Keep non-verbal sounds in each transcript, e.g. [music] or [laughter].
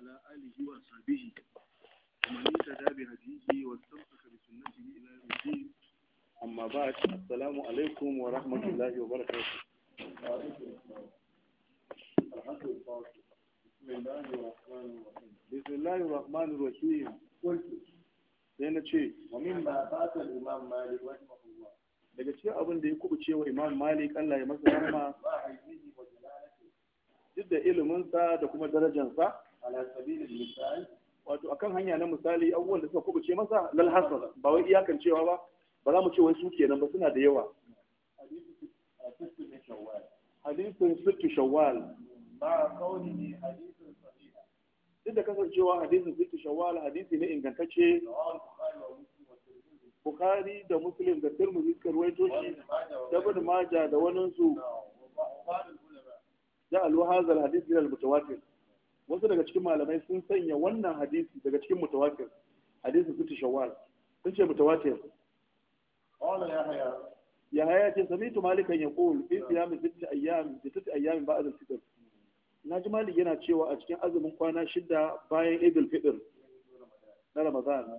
وعلى آله وصحبه ومن اهتدى بهديه واستمسك بسنته إلى يوم الدين أما بعد السلام عليكم ورحمة الله وبركاته بسم الله الرحمن الرحيم بسم الله الرحمن الرحيم قلت سينا شيء ومن ما فات الإمام مالك رحمه الله daga cikin abin da ya kubuce cewa imam malik allah ya masa rahma duk da iliminsa da kuma darajansa wato akan hanya na misali abubuwan da suka kubuce masa lal hasan ba wai iyakan cewa ba ba za mu ce wai su kenan ba suna da yawa hadisin sittu shawwal ba ne hadisin sahiha duk da kasancewa hadisin sittu shawwal hadisi ne ingantacce Bukhari da Muslim da Tirmidhi suka ruwaito shi da Ibn Majah da wani su da al-Hazal hadith min mutawatir wasu daga cikin malamai sun sanya wannan hadisi daga cikin mutawatir hadisi sitti shawar. sun ce mutawatir ya yahya yahya ce samitu malikan yaqul fi siyam sitti ayyam sitti ayyam ba'd al-fitr naji malik yana cewa a cikin azumin kwana shida bayan idul fitr na ramadan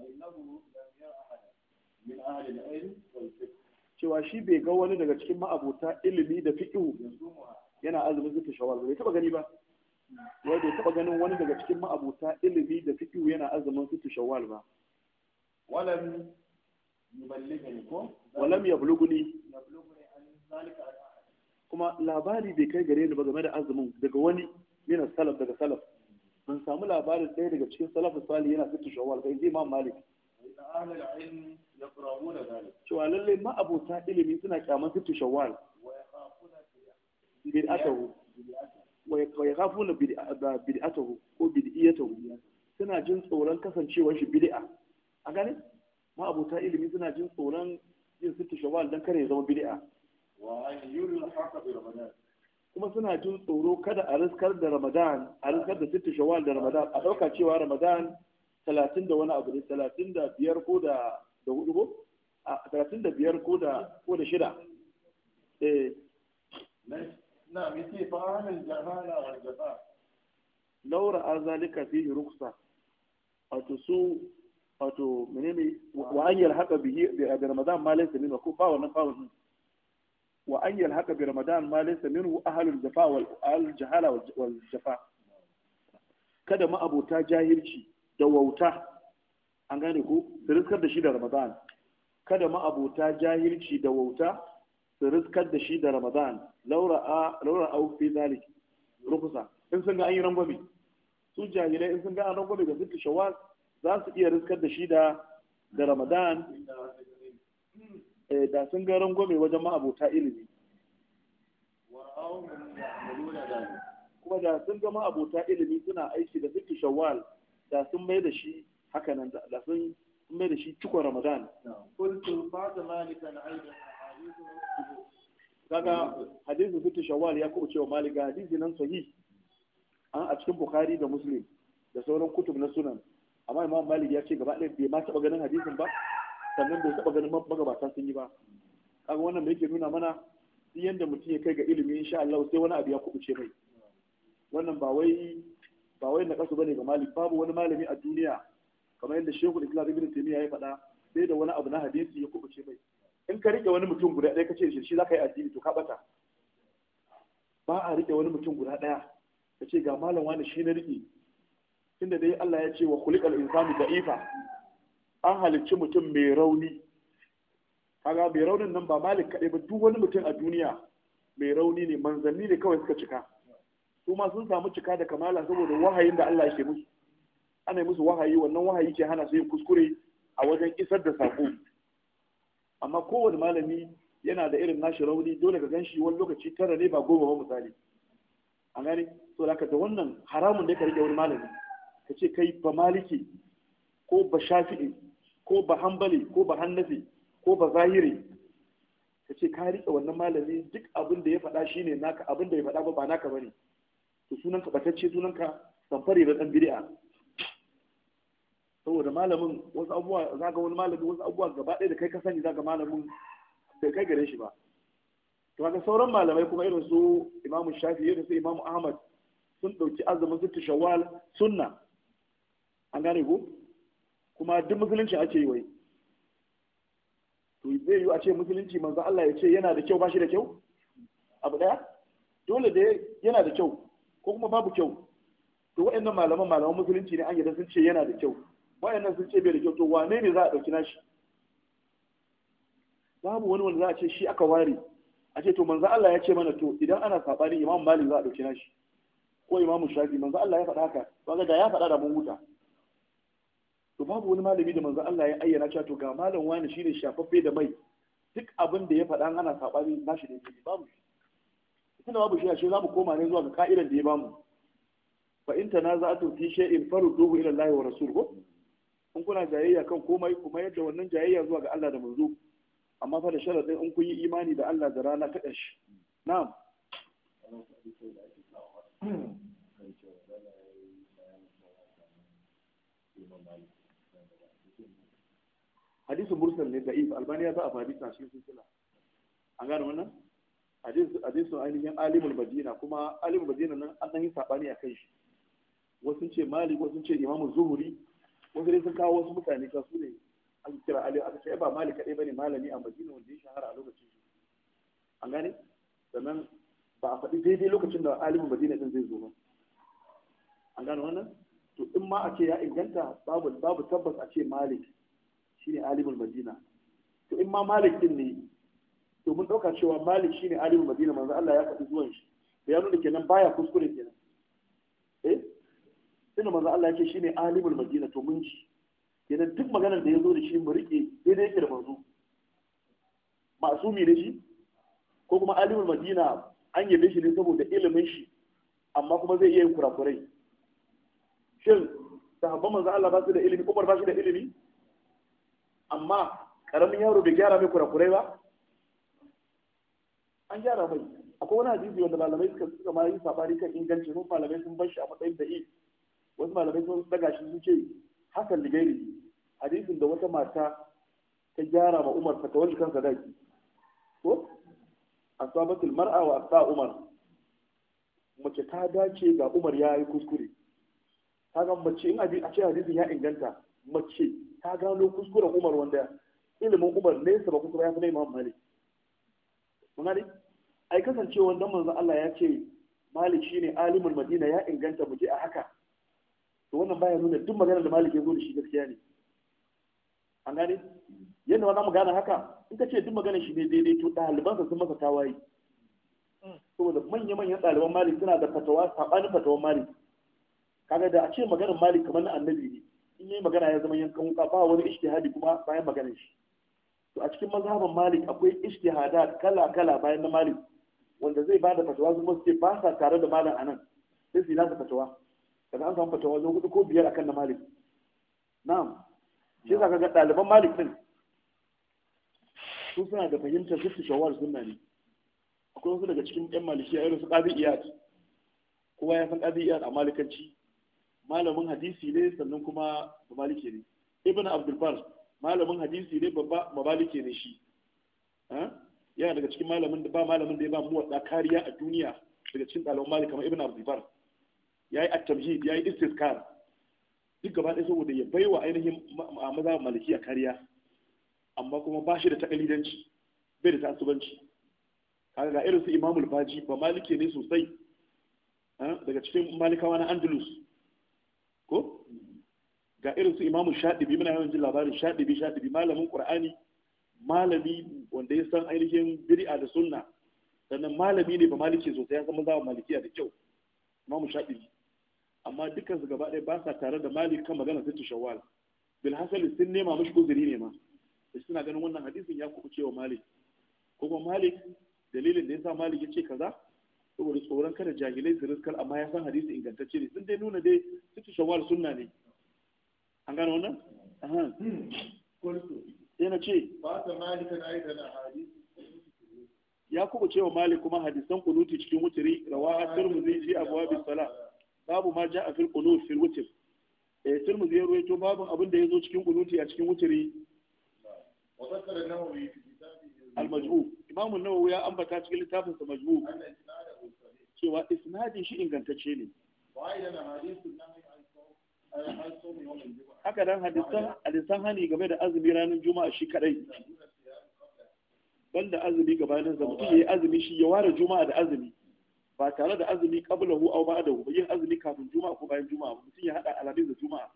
cewa shi bai ga wani daga cikin ma'abota ilimi da fiqh yana azumin sitti Ba bai taba gani ba wai bai taɓa ganin wani daga cikin ma'abuta ilimi da fikihu yana azumin fitu shawwal ba walam yuballigani ko walam yabluguni kuma labari bai kai gare ni ba game da azumin daga wani yana salaf daga salaf ban samu labarin ɗaya daga cikin salafin sali yana fitu shawwal bai zai ma malik cewa lallai ma'abota ilimi suna kyaman fitu shawwal bid'atahu wa ya kafu na bid'atahu ko bid'iyatahu suna jin tsoron kasancewar shi bid'a a gane ma abota ilimi suna jin tsoron yin sitta shawwal dan kare ya zama bid'a kuma suna jin tsoro kada a riskar da ramadan a riskar da sitta shawal da ramadan a dauka cewa ramadan talatin da wani abu ne biyar ko da da hudu ko talatin ko da ko da shida eh na'am yace fa halal jahala wal jafa law ra'a zalika fihi ruksa wato su wato menene wa an haka bihi bi ramadan ma laysa minhu ko ba wannan ba wannan wa an haka bi ramadan ma laysa minhu ahlul jafa wal al jahala wal jafa kada ma abota jahilci da wauta an gane ko su riskar da shi da ramadan kada ma abota jahilci da wauta su riskar da shi da ramadan laura au fi zalik rukusa in sun ga an yi rangwame su jahilai in sun ga an rangwame ga zikri shawar za su iya rizkar da shi da ramadan eh, da sun ga rangwame wajen ma'abota ilimi kuma da sun ga ma'abota ilimi suna aiki da zikri shawar da sun mai da shi hakanan da sun mai da shi cikon ramadan fata malika na aiki kaga hadisi sittu shawwal ya kuma cewa malik ga hadisi nan sahih an a cikin bukhari da muslim da sauran kutub na sunan amma imam malik ya ce gaba ɗaya bai ma taɓa ganin hadisin ba sannan bai taɓa ganin magabata sun yi ba kaga wannan da ke nuna mana duk yanda mutum ya kai ga ilimi insha Allah sai wani abu ya kubuce mai wannan ba wai ba wai na kasu bane ga malik babu wani malami a duniya kamar yadda shehu islam ibn taymiya ya faɗa sai da wani abu na hadisi ya kubuce mai in ka rike wani mutum guda ɗaya ka ce shi za ka yi addini to ka ɓata ba a rike wani mutum guda ɗaya ka ce ga malam wani shi na rike inda dai Allah ya ce wa kulikal insani da'ifa an halicci mutum mai rauni kaga mai raunin nan ba malik kaɗai ba duk wani mutum a duniya mai rauni ne manzanni ne kawai suka cika su ma sun samu cika da kamala saboda wahayin da Allah ke musu ana musu wahayi wannan wahayi ke hana su yin kuskure a wajen isar da sako amma kowane malami yana da irin nashi rauni dole ka gan shi wani lokaci tara ne ba goma ba misali a gani to da da wannan haramun da ka rike wani malami ka ce kai ba maliki ko ba shafi'i ko ba hambali ko ba hannafi ko ba zahiri ka ce ka rike wannan malami duk abin da ya faɗa shine naka abin da ya faɗa ba ba naka bane to sunan batacce sunanka samfare da saboda malamin wasu abubuwa za ga wani malamin wasu abubuwa gaba ɗaya da kai ka sani za ga malamin bai kai gare shi ba to haka sauran malamai kuma irin su imamu shafi irin su imamu ahmad sun ɗauki azumin su shawwal sunna an gane ko kuma duk musulunci ake yi wai to zai yi a ce musulunci manzo Allah ya ce yana da kyau ba shi da kyau abu daya dole da yana da kyau ko kuma babu kyau to waɗannan malaman malaman musulunci ne an yarda sun ce yana da kyau nan sun ce bai da kyau to wane ne za a ɗauki nashi babu wani wanda za a ce shi aka ware a ce to manzo Allah ya ce mana to idan ana sabani imamu malik za a ɗauki nashi ko imamu shafi manzo Allah ya faɗa haka ga da ya faɗa da mun huta to babu wani malami da manzo Allah ya ayyana cewa to ga malam wani shine shafaffe da mai duk abin da ya faɗa ana sabani nashi ne babu tunda babu shi za mu koma ne zuwa ga ka'idar da ya bamu fa in tanaza'tu fi shay'in farudduhu ila Allah wa rasuluhu in kuna jayayya kan komai kuma yadda wannan jayayya zuwa ga Allah da manzo amma fa da sharadin in kun yi imani da Allah da rana ta shi. na'am hadisin mursal ne da if albani ya za a fadi tashin silsila an gane wannan hadisin ainihin alimul madina kuma alimul madina nan an yi sabani a kai shi wasu ce malik wasu ce imamu zuhuri wasu dai sun kawo wasu mutane kan su ne a kira aliyu aka ce ba malik kaɗai bane malami a madina wanda ya shahara a lokacin shi an gane sannan ba a faɗi daidai lokacin da alimin madina ɗin zai zo ba an gane wannan to in ma a ce ya inganta babu babu tabbas a ce malik shine alimul madina to in ma malik din ne to mun ɗauka cewa malik shine alimul madina manzo Allah ya faɗi zuwan shi da ya nuna kenan baya kuskure kenan tunda manzo Allah yake shine alimul madina to mun ji kenan duk maganar da ya zo da shi mu rike daidai yake da manzo masumi ne shi ko kuma alimul madina an yabe shi ne saboda ilimin shi amma kuma zai iya yin kurakurai shin sahabban manzo Allah ba su da ilimi Umar ba shi da ilimi amma karamin yaro bai gyara mai kurakurai ba an gyara mai akwai wani hadisi wanda malamai suka suka ma yi sabari kan inganci mun malamai sun bar shi a matsayin da'i wasu malamai sun daga shi sun ce da ligairi hadisin da wata mata ta gyara ma umar ta kawai kansa daki ko asabatul mar'a wa asa umar mace ta dace ga umar ya yi kuskure kaga mace in a ce hadisin ya inganta mace ta gano kuskuren umar wanda ilimin umar nesa ba kuskure ya fi na imam mamali. mun ai kasancewa wanda manzon Allah ya ce malik shine alimul madina ya inganta muje a haka to wannan baya nuna duk maganar da malik ya zo da shi gaskiya ne an gane yadda wannan magana haka in ka ce duk maganar shi ne daidai to ɗalibansa sun masa tawaye saboda manya-manyan ɗaliban malik suna da fatawa saɓanin fatawan malik kaga da a ce maganar malik kamar na annabi ne in yi magana ya zama yankan wuka ba wani ishtihadi kuma bayan maganar shi to a cikin mazhaban malik akwai ishtihada kala-kala bayan na malik wanda zai bada fatawa kuma su ce ba sa tare da malam anan sai su yi nasa fatawa daga an samu fatawa wajen hudu ko biyar akan na malik na'am shi yasa kaga ɗaliban malik din su suna da fahimtar fifty shawar sunna ne akwai wasu daga cikin yan a irin su ƙabi iyad kowa ya san ƙabi iyad a malikanci malamin hadisi ne sannan kuma maliki ne ibn abdulbar malamin hadisi ne babba mamalike ne shi eh? yana daga cikin malamin da ba malamin da ya ba mu wadda kariya a duniya daga cikin ɗaliban malik kamar ibn abdulbar yayi at-tamhid yayi istiskar duk gaba ɗaya saboda ya baiwa ainihin maza malikiya kariya amma kuma ba shi da takalidanci bai da tasubanci kaga ga irin su imamul baji ba malike ne sosai daga cikin malikawa na andalus ko ga irin su imamu shaɗibi muna yawan jin labarin shaɗibi shaɗibi malamin ƙur'ani malami wanda ya san ainihin bid'a da sunna sannan malami ne ba maliki sosai ya san maza malikiya da kyau imamu shaɗibi amma dukkan su gaba ɗaya ba sa tare da malik kan magana sai shawwal bil hasali sun nema mashi guzuri ne ma da suna ganin wannan hadisin ya kuɓu cewa malik ko kuma malik dalilin da ya sa malik ya ce kaza saboda tsoron kada jahilai su riskar amma ya san hadisi ingantacce ne sun dai nuna dai sai shawwal sunna ne an gano wannan yana ce ya kuɓu cewa malik kuma hadisan kunuti cikin wuturi rawa tirmidhi fi abwaabis salat babu ma ja a fil qunut fil witr eh tirmidhi ya ruwaito babu abin da yazo cikin qunuti a cikin witri wa zakara nawawi al-majmu' imamu nawawi ya ambata cikin littafin sa majmu' cewa isnadin shi ingantacce ne eh, haka dan hadisan hadisan hani game da azumi ranar juma'a shi kadai banda azumi gabanin sa mutum yayi azumi shi ya ware juma'a da azumi ba tare da azumi qablahu aw ba'dahu ba yin azumi kafin juma'a ko bayan juma'a mutum ya hada alhamis da juma'a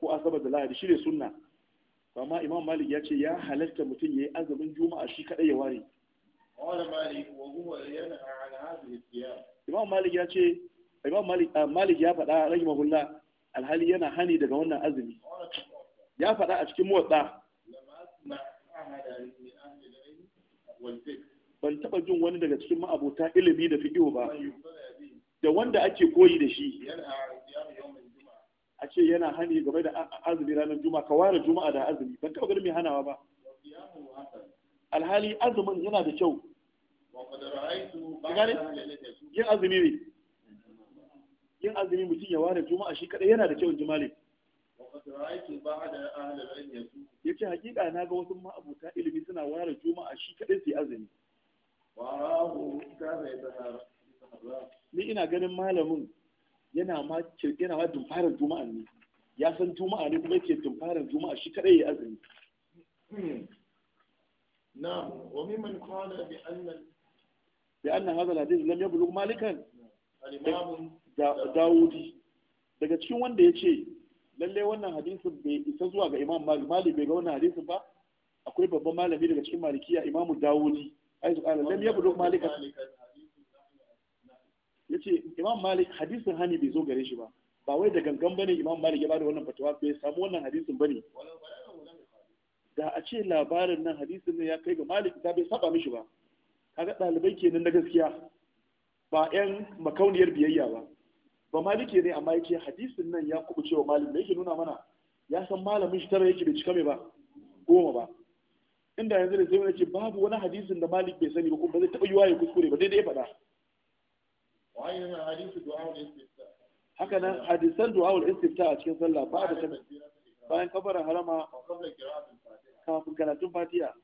ko asabar da lahadi shine sunna amma imam malik ya ce ya halatta mutum yayi azumin juma'a shi kadai ya ware qala malik wa huwa yanha an hadhihi imam malik ya ce imam malik ah, malik ya faɗa rahimahullah alhali yana hani daga wannan azumi ya faɗa a cikin motsa ban taɓa jin wani daga cikin ma'abota ilimi da fiƙihu ba da wanda ake koyi da shi a ce yana hani game da azumi ranar juma'a ka ware juma'a da azumi ban taɓa ganin mai hanawa ba alhali azumin yana da kyau yin azumi ne yin azumi mutum ya ware juma'a shi kaɗai yana da kyau in ji malik ya ce hakika na ga wasu ma'abuta ilimi suna ware juma'a shi kaɗai su yi azumi ni ina ganin malamin yana ma yana ma dumfarar juma'a ne ya san juma'a ne kuma yake dumfarar juma'a shi kadai ya azumi hmm. na'am wa mimman qala bi anna bi anna hadha al-hadith lam yablugh malikan al-imam daudi daga cikin wanda ya ce lallai wannan hadisin bai isa zuwa ga imam malik bai ga wannan hadisin ba akwai babban malami daga cikin malikiya imamu dawudi aizu qala lam yabdu malik yace imam malik hadisin hani bai zo gare shi ba ba wai da gangan bane imam malik ya bada wannan fatawa bai samu wannan hadisin bane da a ce labarin nan hadisin ne ya kai ga malik da bai saba mishi ba kaga dalibai kenan na gaskiya ba yan makauniyar biyayya ba ba maliki ne amma yake hadisin nan ya kubuce wa malik da yake nuna mana ya san malamin shi tara yake bai cika mai ba goma ba inda yanzu da sai wani ce babu wani hadisin da malik bai sani ba kuma ba zai taɓa yiwa ya kuskure ba daidai faɗa haka nan hadisan du'a'ul istifta a cikin sallah ba da tabbata bayan kabarin harama kafin karatun Fatiya,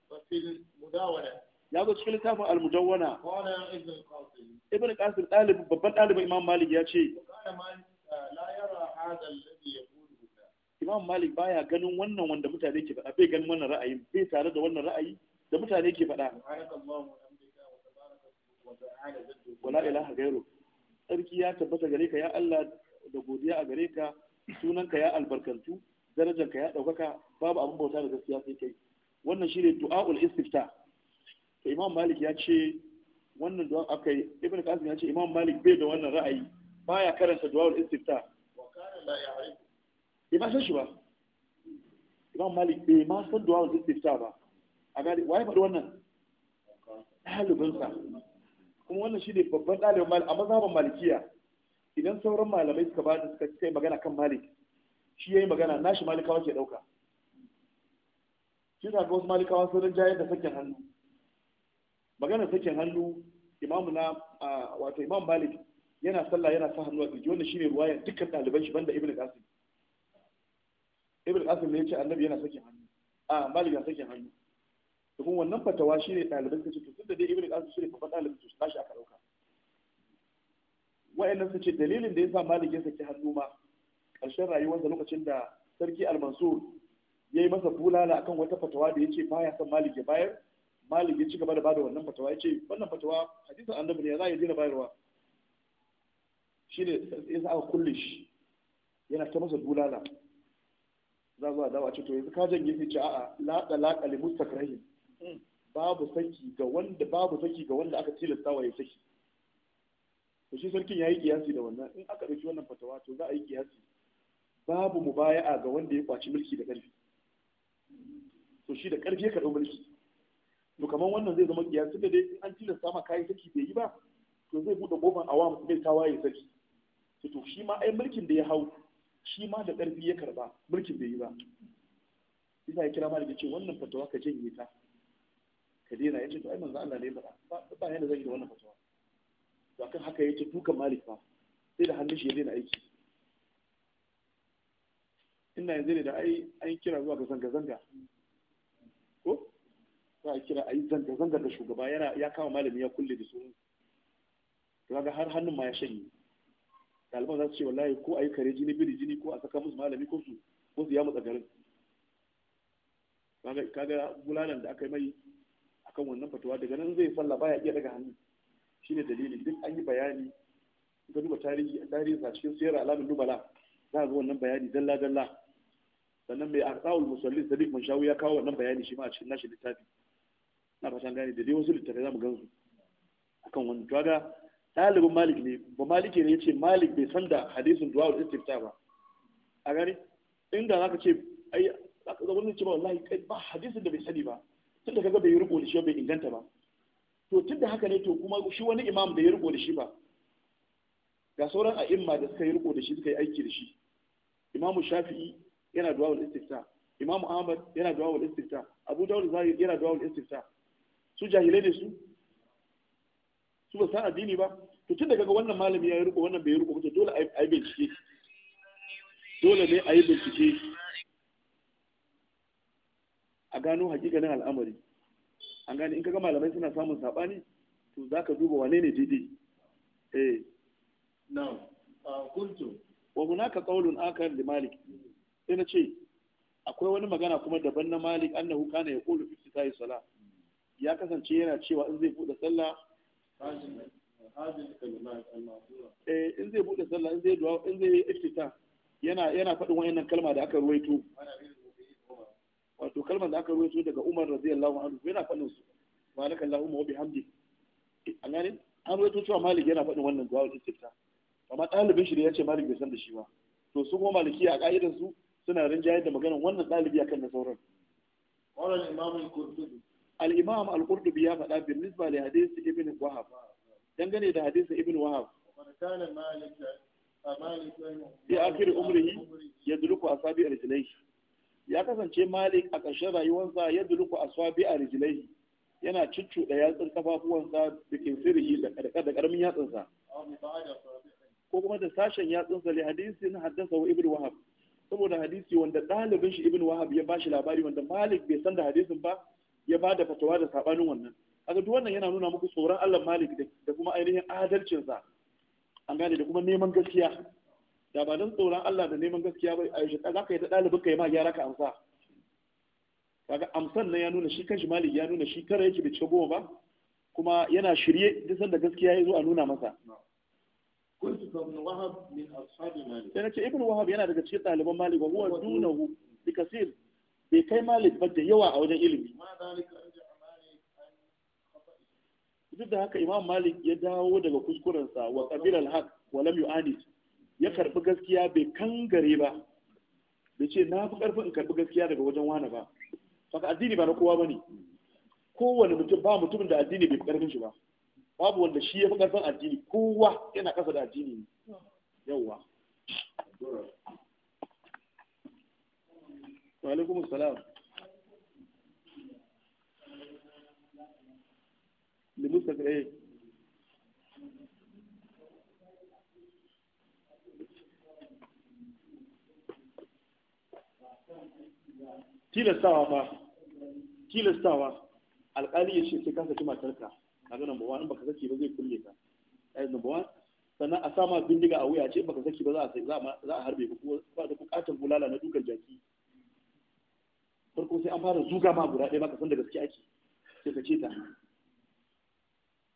ya zo cikin littafin almudawwana ibn qasim dalib babban ɗalibin imam malik ya ce imam malik baya ganin wannan wanda mutane ke faɗa bai ganin wannan ra'ayin bai tare da wannan ra'ayi da mutane ke faɗa wala ilaha gairu sarki ya tabbata gare ka ya Allah da godiya a gare ka sunanka ya albarkantu darajarka ya ɗaukaka babu abin bauta da gaskiya sai kai wannan shine du'aul istifta to imam malik ya ce wannan du'a akai ibn qasim ya ce imam malik bai da wannan ra'ayi baya karanta du'aul istifta wa kana la ya'rifu bai ma san shi ba imam malik bai ma san du'a wanda istifta ba a gari waye faɗi wannan ɗalibinsa kuma wannan shi ne babban ɗalibin malik a mazhaban malikiya idan sauran malamai suka bada suka kai magana kan malik shi ya yi magana nashi malikawa ke ɗauka shi ga wasu malikawa sun rinjayar da sakin hannu maganar sakin hannu imamu na wato imam malik yana sallah yana sa hannu a kirji wannan shine ruwayan dukkan ɗaliban shi banda Ibn qasim ibn qasim ne yace annabi yana sakin hannu a malik yana sakin hannu to kuma wannan fatawa shine ɗaliban suka to tunda dai ibn qasim shine babban ɗalibin to shi aka dauka wa'annan su ce dalilin da yasa malik ya saki hannu ma ƙarshen rayuwarsa lokacin da sarki al-mansur ya yi masa bulala akan wata fatawa da ya ce baya son malik ya bayar malik ya ci gaba da bada wannan fatawa ya ce wannan fatawa hadisin annabi ne za a yi dina bayarwa shi ne ya sa aka kulle shi yana ta masa bulala za zuwa dawa ce to yanzu ka janye sai ce a'a latsa-latsa li mustakrahin hmm. babu saki ga wanda babu saki ga wanda aka tilasta wa ya saki to shi sarkin yayi kiyasi da wannan in aka dauki wannan fatawa to za a yi kiyasi babu mubaya'a ga wanda ya kwaci mulki da ƙarfi to shi da ƙarfi ya karɓi mulki to kamar wannan zai zama kiyasi da dai an tilasta ma kayi saki bai yi ba to zai buɗe kofar awam zai tawaye saki to shi ma ai mulkin da ya hau shi ma da ƙarfi ya karba mulkin bai yi ba ina ya kira malik ce wannan fatawa ka janye ta ka daina ya ce to ai manzo Allah ne ba ba yana zai da wannan fatawa to akan haka ya ce dukan malik ba sai da hannun shi ya daina aiki ina yanzu ne da ai an kira zuwa ga zanga zanga ko za a kira ayi zanga zanga da shugaba yana ya kama malami ya kulle da su to ga har hannun ma ya shanye ɗaliban za su ce wallahi ko a yi kare jini biri jini ko a saka musu malami ko su ko su ya mutsa garin kaga bulalan da aka yi mai akan wannan fatuwa daga nan zai falla baya iya daga hannu shine dalili duk an yi bayani ga duba tarihi tarihi a cikin sayar alamin dubala za a ga wannan bayani dalla dalla sannan mai aqsaul musallin sadiq munshawi ya kawo wannan bayani shi ma a cikin nashi littafi na fatan gane da dai wasu littafi za mu gan su akan wannan to ga ɗalibin malik ne ba malike ne ya ce malik bai san da hadisin duwa da istifta ba a gani inda za ka ce ai za ka ce ba wallahi kai ba hadisin da bai sani ba tunda kaga bai riko da shi bai inganta ba to tunda haka ne to kuma shi wani imam bai riko da shi ba ga sauran a'imma da suka yi riko da shi suka yi aiki da shi imamu shafi'i yana duwa wal istifta imamu ahmad yana duwa wal istifta abu dawud zahir yana duwa wal istifta su jahilai ne su su ba san addini ba to tun daga kaga wannan malami ya yi riko wannan bai yi riko ba dole a yi bincike dole ne a yi bincike a gano hakikanin al'amari an gane in kaga malamai suna samun sabani to za ka duba wane ne daidai eh na ah, kuntu wa hunaka qawlun akar li malik sai na ce akwai wani magana kuma daban na malik annahu kana yaqulu fi sala ya kasance yana cewa in zai buɗe sallah Eh, in zai bude sallah in zai duwa in zai iftita yana yana faɗin wayannan kalma da aka ruwaito wato kalmar da aka ruwaito daga Umar radiyallahu anhu yana faɗin su malaka Allahumma wa bihamdi an gane an ruwaito cewa Malik yana faɗin wannan duwa iftita amma ɗalibin shi ne ya ce Malik bai san da shi ba to su kuma maliki a ka'idar su suna rinjaye da maganar wannan ɗalibi akan na sauran qala al-imam al-qurtubi al-imam al-qurtubi ya faɗa bin nisba hadisi ibn wahab dangane da hadisi ibn wahab fi akhir umrihi yadluku asabi rijlaihi ya kasance malik a ƙarshen rayuwarsa a yadluku a rijlaihi yana cuccuɗa yatsun kafafuwansa da kinsirihi da ƙaramin yatsunsa ko kuma da sashen yatsunsa li hadisin haddasa wa ibn wahab saboda hadisi wanda ɗalibin shi ibn wahab ya ba shi labari wanda malik bai san da hadisin ba ya ba da fatawa da sabanin wannan A duk wannan yana nuna muku tsoron Allah Malik da kuma ainihin adalcin sa an gane da kuma neman gaskiya da ba dan tsoron Allah da neman gaskiya ba Aisha za ka yi ta dalibin ka yi ma gyara ka amsa kaga amsan nan ya nuna shi kanshi Malik ya nuna shi kare yake bai ci goma ba kuma yana shirye duk sanda gaskiya ya zo a nuna masa sai na ce ibn wahab yana daga cikin ɗaliban malik wa huwa dunahu bi kasir bai kai malik ba da yawa a wajen ilimi duk da haka imam malik ya dawo daga kuskurensa wa qabil alhaq wa lam yu'anis ya karbi gaskiya bai kangare ba bai ce na fi karfin in karbi gaskiya daga wajen wani ba saka addini ba na kowa bane kowane mutum ba mutumin da addini bai fi karfin shi ba babu wanda shi ya fi karfin addini kowa yana kasa da addini ne yawwa wa alaikum salam limusa eh tilastawa ba tilastawa alƙali ya ce sai ka saki matarka A number one in baka saki ba zai kulle ka ai eh, number one sannan a sama bindiga a wuya ce baka saki ba za a za a harbe ku ba da bukatar bulala na dukan jaki farko sai an fara zuga ma guda ɗaya baka san da gaske ake sai ka ce ta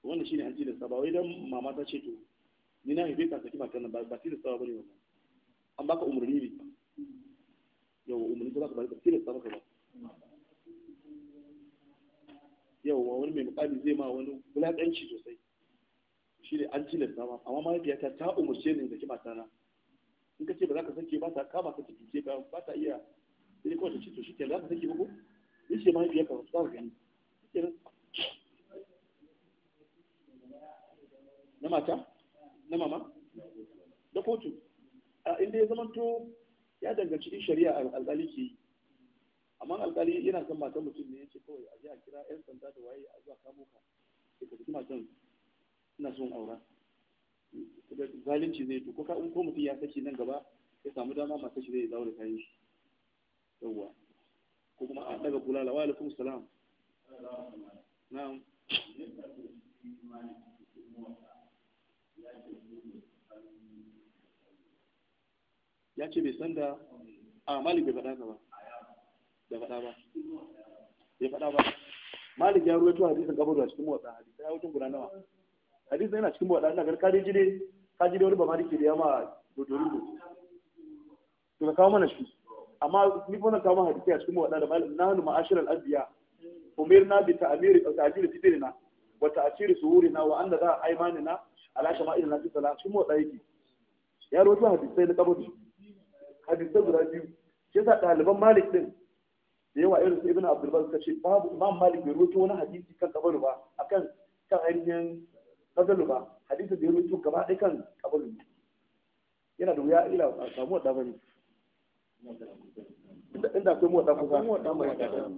wannan shine an tilasta ba wai dan mama ta ce to ni na haife ka saki matan nan ba tilasta ba ne wannan an baka umarni ne yau umarni ta baka ba da maka ba yau wani mai mukami zai ma wani bulaƙanci sosai shi ne an tilasta ma amma mahaifiyata ta umarce ni da saki matana in ka ce ba za ka sake ba ta kama ka tafi ba ta iya sai kawai ta ce to shi ke za ta sake uku ya ce mahaifiyar ka za ka gani na mata na mama na kotu a inda ya zamanto ya danganci in shari'a alƙali ke yi amma alƙali yana son matan mutum ne ya ce kawai a je a kira 'yan sanda da waye a zuwa kamo ka sai ka ji matan ina son aura zalunci zai to ko in ko mutum ya sake nan gaba ya samu dama masu shi zai zaure kayan shi yawwa ko kuma a daga bulala wa kuma salam na'am ya ce bai san da a malik bai faɗa ba bai faɗa ba bai faɗa ba malik ya ruwaito hadisin kabaru a cikin motsa hadisi ya wucin guda nawa hadisin yana cikin motsa ina ganin kaji jide kaji da wani ba maliki da yawa dodorin to ka kawo mana shi amma ni fa na hadisi a cikin wadanda malam nanu ma'ashiral anbiya umirna bi ta'miri ta'jil fitrina wa ta'sir suhurina wa anna da aymanina ala shama'ilina fi salat cikin wadanda yake ya rawaito hadisai na kabo hadisai guda biyu Ke sa ɗaliban malik din da yawa irin su ibn abdul bar suka ce babu imam malik bai rawaito wani hadisi kan kabo ba akan kan ainihin kabari ba hadisi da ya rawaito gaba ɗaya kan kabari yana da wuya ila samu wadanda bane inda akwai motsa kusa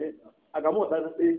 eh, a ga motsa na tsaye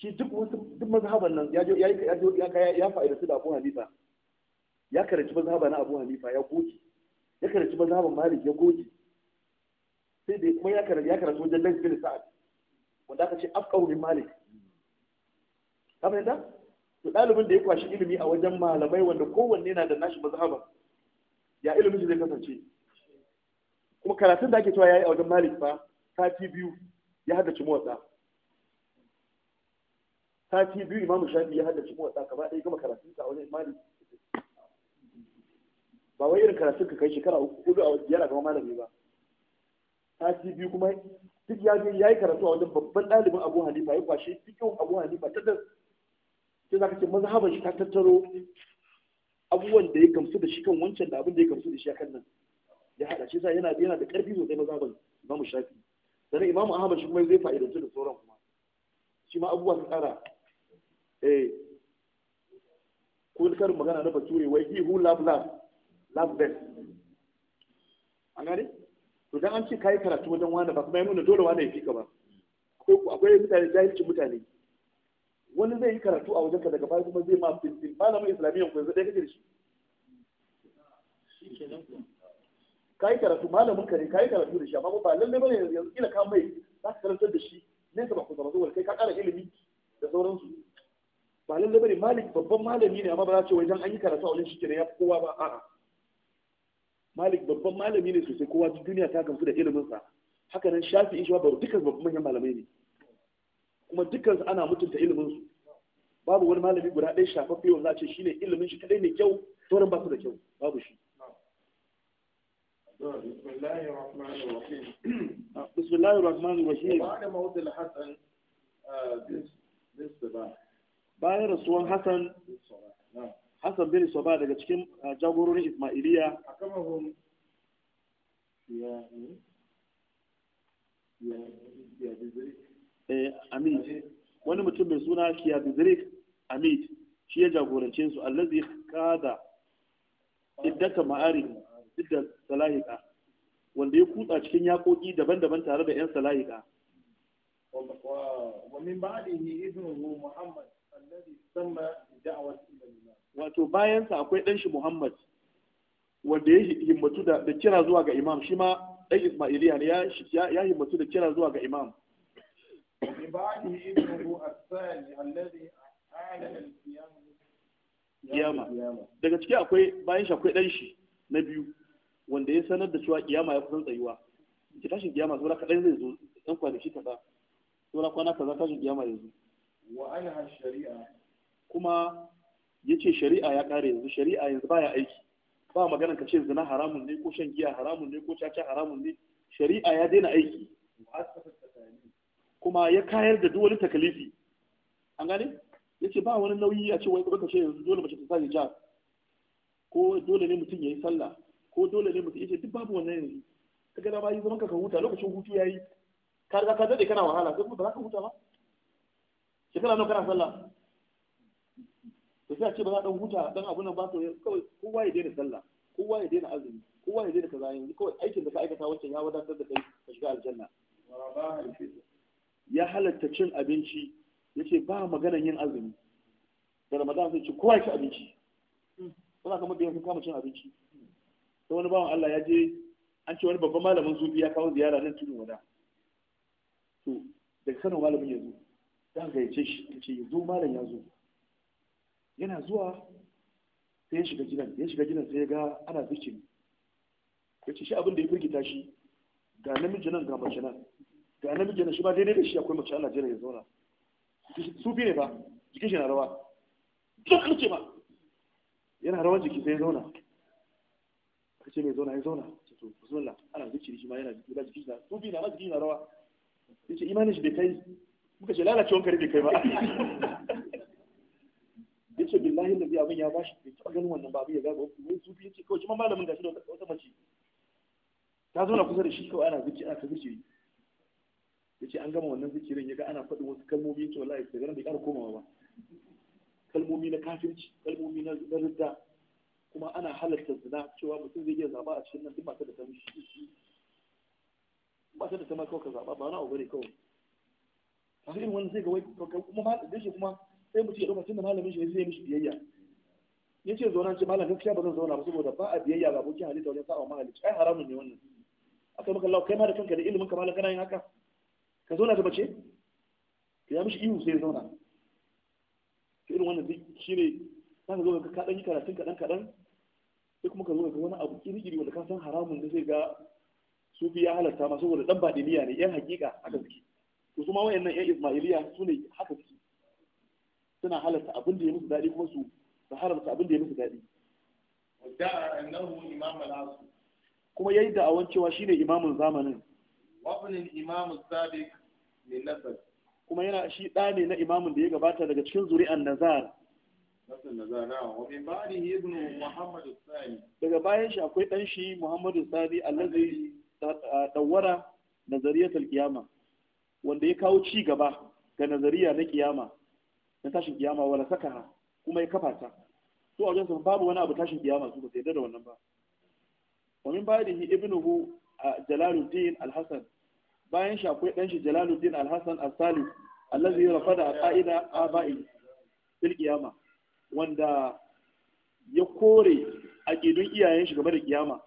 shi duk wasu duk mazhaban nan ya ya ya ya su da Abu Hanifa ya karanci mazhaban na Abu Hanifa ya goge ya karanci mazhaban Malik ya goge sai dai kuma ya karanci ya karanci wajen Lais bin Sa'ad wanda aka ce afqahu min Malik kamar yadda to dalibin da ya kwashi ilimi a wajen malamai wanda kowanne na da nashi mazhaban ya ilimin shi zai kasance kuma karatun da ake cewa yayi a wajen Malik fa sati biyu ya haddace motsa sati biyu imamu shafi ya haddace mu wata gaba ɗaya gama karatun sa a wajen imani ba wai irin karatun ka kai shekara hudu a wajen yara gama malami ba sati biyu kuma duk ya zai ya yi karatu a wajen babban ɗalibin abu Halifa ya kwashe fikin abu Halifa. ta dan sai za ka ce mazhaban shi ta tattaro abubuwan da ya gamsu da shi kan wancan da abin da ya gamsu da shi kan nan ya haɗa shi sa yana yana da ƙarfi sosai mazhaban imamu shafi sannan imamu ahmad shi kuma zai fa'idantu da sauran kuma shi ma abubuwa su ƙara eh ko karin magana na bature wai he who love love love best an gane to dan an ce kai karatu wajen wani ba kuma ya nuna dole wanda ya fika ba akwai mutane jahilcin mutane wani zai yi karatu a wajen ka daga baya kuma zai ma fintin malamin islamiyyan ku yanzu ɗaya kake da shi ka yi karatu malamin ka ne ka yi karatu da shi amma ba lallai bane yanzu kila ka mai za ka karantar da shi nesa ba ku zama zuwa kai ka ƙara ilimi da sauransu ba ba bane malik babban malami ne amma ba za ce wajen an yi karatu a wajen shi ya fi kowa ba a'a malik babban malami ne sosai kowa duniya ta gamsu da ilimin sa haka nan in shi ba dukkan babban manyan malamai ne kuma dukkan ana mutunta ilimin su babu wani malami guda ɗaya shafaffe wanda ce shine ilimin shi kadai ne kyau sauran ba su da kyau babu shi بسم الله الرحمن الرحيم بسم الله الرحمن الرحيم بعد موت الحسن بالصباح bayan rasuwan Hassan Hassan bin Soba daga cikin ah, jagororin Ismailiya eh, Amid wani mutum mai suna Kiyabizrik Amit shi ya jagorance su allazi kada iddata ma'ari duk salahika wanda ya kutsa cikin yakoki daban-daban tare da 'yan salahika wa min ba'dihi ibnuhu Muhammad wato bayansa akwai ɗanshi shi Muhammad wanda ya himmatu da kira zuwa ga imam shi ma ɗan Ismailiya ne ya himmatu da kira zuwa ga imam daga ciki akwai bayan shi akwai ɗan shi na biyu wanda ya sanar da cewa kiyama ya kusan tsayuwa ki tashin kiyama saboda kaɗan zai zo ɗan kwanaki kaza saboda kwana kaza tashin kiyama ya zo wa anha shari'a kuma yace shari'a ya kare yanzu shari'a yanzu baya aiki ba magana ka ce zina haramun ne ko shan giya haramun ne ko caca haramun ne shari'a ya daina aiki kuma ya kayar da duk wani takalifi an gane yace ba wani nauyi a ce wai ka ce yanzu dole mace ta sa hijab ko dole ne mutum ya yi sallah ko dole ne mutum yace duk babu wannan yanzu ka ga ba yi zaman ka huta lokacin hutu yayi ka riga ka dade kana wahala sai kuma ba za ka huta ba shekara nawa kana sallah to sai a ce ba za a dan huta dan abun nan ba to kawai kowa ya daina sallah kowa ya daina azumi kowa ya daina kaza yanzu kawai aikin da ka aikata wancan ya wadatar da kai ka shiga aljanna ya halatta cin abinci yace ba maganan yin azumi da ramadan sai ci kowa ya ci abinci kuna kamar da yanzu kama cin abinci sai wani bawan Allah ya je an ce wani babban malamin zubi ya kawo ziyara nan tudun wada to daga sanin malamin yanzu dan yace shi ta ce malam ya zo yana zuwa sai ya shiga gidan ya shiga gidan sai ya ga ana zikiri ya ce shi abin da ya firgita shi ga namiji nan ga mace nan ga namiji nan shi ba daidai da shi akwai mace Allah jira ya zauna bi ne ba jikin shi na rawa duk an ce ba yana rawan jiki sai ya zauna ka ce mai zauna ya zauna ce to bismillah ana zikiri shi ma yana jiki ba jiki na sufi na ma jiki na rawa yace imanin shi bai kai muka ce lalace wanka bai kai ba ya ce billahi da biya abin ya bashi bai taɓa ganin wannan babu ya gaba ne sufi ya ce kawai shi malamin gashi da wata mace ta na kusa da shi kawai ana zuci ana ta zuci ya ce an gama wannan zikirin ya ga ana faɗin wasu kalmomi ya ce wallahi da garin bai ƙara komawa ba kalmomi na kafirci kalmomi na ridda kuma ana halarta zina cewa mutum zai iya zaba a cikin nan duk ta da ta mishi ta da ta ma kawai ka zaba ba na abu ne kawai masu irin wannan sai ga wai kuma ma da shi kuma sai mu mutum ya ɗauka tunda malamin shi zai mishi biyayya ya ce zauna ce malam kusa ba zan zauna ba saboda ba a biyayya ga abokin halitta wajen sa'a mahalicci ai haramun ne wannan aka maka Allah kai ma da kanka da ilimin kamar kana yin haka ka zauna da bace ka ya mishi ihu sai ya zauna to irin wannan duk shine zaka zo ka kadan yi karatun kaɗan kaɗan sai kuma ka zo ga wani abu iri-iri wanda ka san haramun da zai ga sufi ya halarta ma saboda dan ba ne yan hakika haka suke to su ma wayannan ƴan Ismailiya su ne haka su suna halarta abin da ya musu daɗi kuma su su haramta abin da ya musu daɗi da'a annahu imam al-asr kuma da awan cewa shine imamin zamanin wa ibn imam as-sabiq min nasab kuma yana shi ɗa ne na imamin da ya gabata daga cikin zuri'an nazar daga bayan shi akwai ɗan shi muhammadu sani allazi dawwara nazariyatul qiyamah wanda ya kawo ci gaba ga nazariya na kiyama na tashin kiyama wala sakaha kuma ya kafa ta su a wajen babu wani abu tashin kiyama su ba sai da wannan ba wa min ba'dihi ibnuhu jalaluddin al-hasan bayan shi akwai dan shi jalaluddin al-hasan as-salih allazi rafada qa'ida aba'i fil kiyama wanda ya kore aqidun iyayen shi game da kiyama